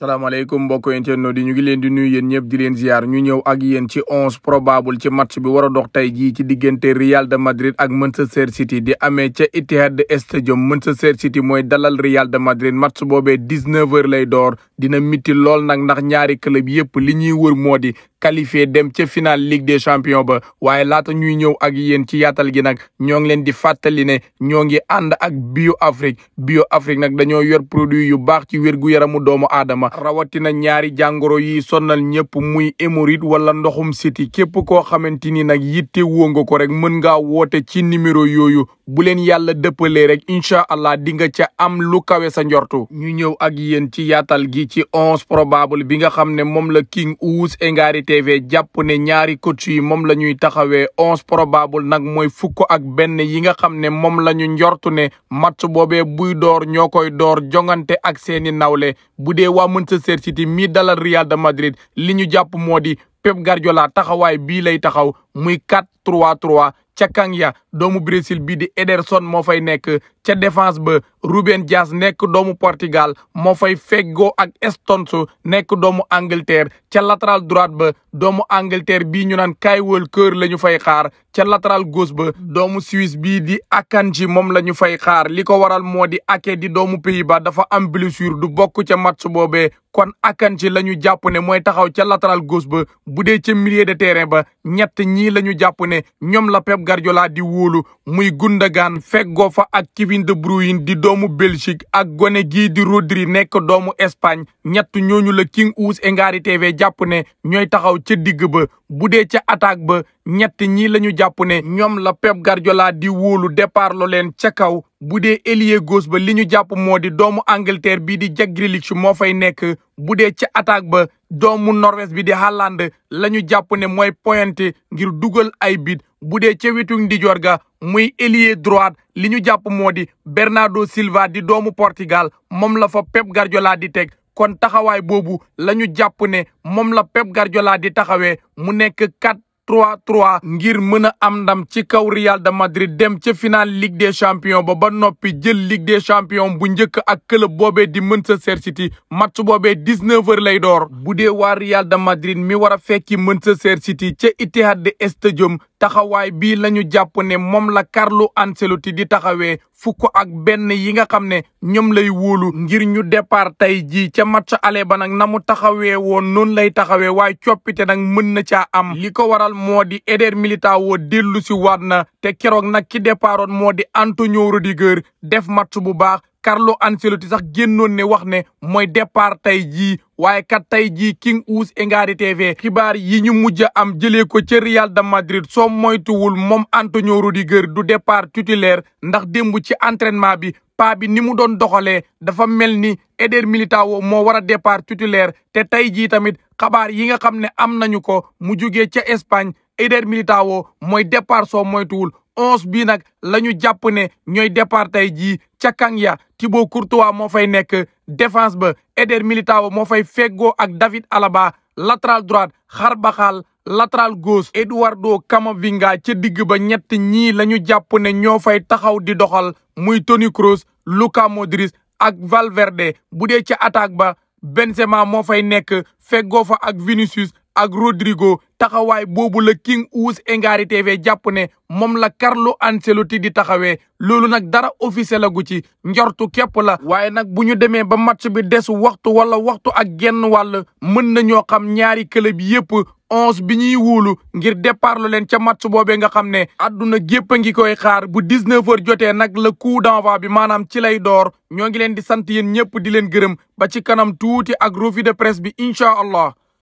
salaamaaleykum mbokk internautes yi ñu ngi leen di nuyu yéen ñëpp di leen ziar ñu ñëw ak yéen ci onze probable ci match bi war a dox tey ji ci diggante Real de Madrid ak Manchester City di amee ca Etihad Stadium Manchester City mooy dalal Real de Madrid match boobee dix-neuf heures lay door dina mitti lool nag ndax ñaari club yëpp li ñuy wër moo di qualifié dem ca finale Ligue des champions ba waaye laata ñuy ñëw ak yéen ci yaatal gi nag ñoo ngi leen di fàttali ne ñoo ngi ànd ak Bio Afrique Bio Afrique nag dañoo yor produit yu baax ci wér gu yaramu doomu aadama yaram rawatina ñaari jàngoro yi sonnal ñëpp muy hémorroïde wala ndoxum siti képp koo xamante ni nag yitte woo nga ko rek mën ngaa woote ci numéro yooyu bu leen yàlla dëppalee rek incha allah dinga nga ca am lu kawe sa njortu ñu ñëw ak yéen ci yaatal gi ci once probable bi nga xam ne moom la King Ouse Ngary TV jàpp ne ñaari coach yi moom la ñuy taxawee onze probable nag mooy fukk ak benn yi nga xam ne moom la ñu njortu ne match boobee buy door ñoo koy door jongante ak seeni nawle bu Manchester City mii dalal Real de Madrid li ñu jàpp moo di Pep Guardiola taxawaay bii lay taxaw muy 4-3-3 ca kang doomu Brésil bii di Ederson moo fay nekk ca défense ba Ruben Dias nekk doomu Portugal moo fay feggoo ak Stones nekk doomu Angleterre ca latéral droite ba doomu Angleterre bii ñu naan Kyle Walker la ñu fay xaar ca latéral gos ba doomu Suisse bii di Akanji moom la ñu fay xaar li ko waral moo di Ake di doomu pays ba dafa am blessure du bokk ca match boobee kon Akanji la ñu jàpp ne mooy taxaw ca latéral gauche ba bu dee ca milieu de terrain ba ñett ñii la ñu jàpp ne ñoom la Pep Guardiola di wóolu muy Gundogan feggoo fa ak Kevin De Bruyne di doomu Belgique ak gone gii di Rodri nekk doomu Espagne ñett ñooñu la King Ouse et TV jàpp ne ñooy taxaw ca digg ba bu dee ca attaque ba ñett ñi la ñu jàpp ne ñoom la Pep Guardiola di wóolu départ lo leen ca kaw bu dee ailier gos ba li ñu jàpp moo di doomu Angleterre bii di Jack moo fay nekk bu dee ca attaque ba doomu Norvège bi di Haaland la ñu jàpp ne mooy pointé ngir dugal ay bit bu dee ca wetu ndijoor ga muy ailier droite li ñu jàpp moo di Bernardo Silva di doomu portigal moom la fa Pep Guardiola di teg kon taxawaay boobu la ñu jàpp ne moom la Pep Guardiola di taxawee mu nekk quatre 3 trois ngir mën a am ndam ci kaw Real de Madrid dem ca final Ligue des champions ba ba noppi jël Ligue des champions bu njëkk ak club boobee di Manchester City match boobee 19h lay door bu dee waa Real de Madrid mi war a fekki Manchester City ca Etihad de Stadium taxawaay bii la ñu jàpp ne moom la karlu Ancelotti di taxawee fukk ak benn yi nga xam ne ñoom lay wóolu ngir ñu départ tey jii ca match aller ba nag na mu taxawee woon noonu lay taxawee waaye coppite nag mën na caa am li ko waral moo di Eder Militão dellu si waat na te keroog nag ki départoon moo di Antonio Rudiger def match bu baax Carlo Ancelotti sax génnoon ne wax ne mooy départ tey jii waaye kat tey jii King Ouse Ngary TV xibaar yi ñu mujj am jëlee ko ca Real de Madrid soo moytuwul moom Antonio Rudiger du départ titulaire ndax démb ci entraînement bi paa bi ni mu doon doxalee dafa mel ni Eder Militao moo war a départ titulaire te tey jii tamit xabaar yi nga xam ne am nañu ko mu jugee ca Espagne Eder Militao mooy départ so moytuwul onze bii nag la ñu jàpp ne ñooy départ ji ca Kang tibo Thibaut moo fay nekk défense ba Eder Militao moo fay feggoo ak David Alaba latéral droite Carvajal latéral gauche Eduardo Camavinga ca digg ba ñett ñii la ñu jàpp ne ñoo fay taxaw di doxal muy Toni Kroos Luka ak Valverde bu dee ca attaque ba Benzema moo fay nekk feggoo fa ak Vinicius ak Rodrigo taxawaay boobu la King Ouse Ngary TV jàpp ne moom la Carlo Ancelotti di taxawee loolu nag dara officiel la ci njortu képp la. waaye nag bu ñu demee ba match bi des waxtu wala waxtu ak genn wàll mën na nañoo xam ñaari club yépp onze bi ñuy wóolu ngir départ lu leen ca match boobee nga xam ne àdduna gépp a ngi koy xaar bu 19 heures jotee nag le coup d'envoi bi maanaam ci lay door ñoo ngi leen di sant yéen ñëpp di leen gërëm ba ci kanam tuuti ak revue de presse bi incha allah.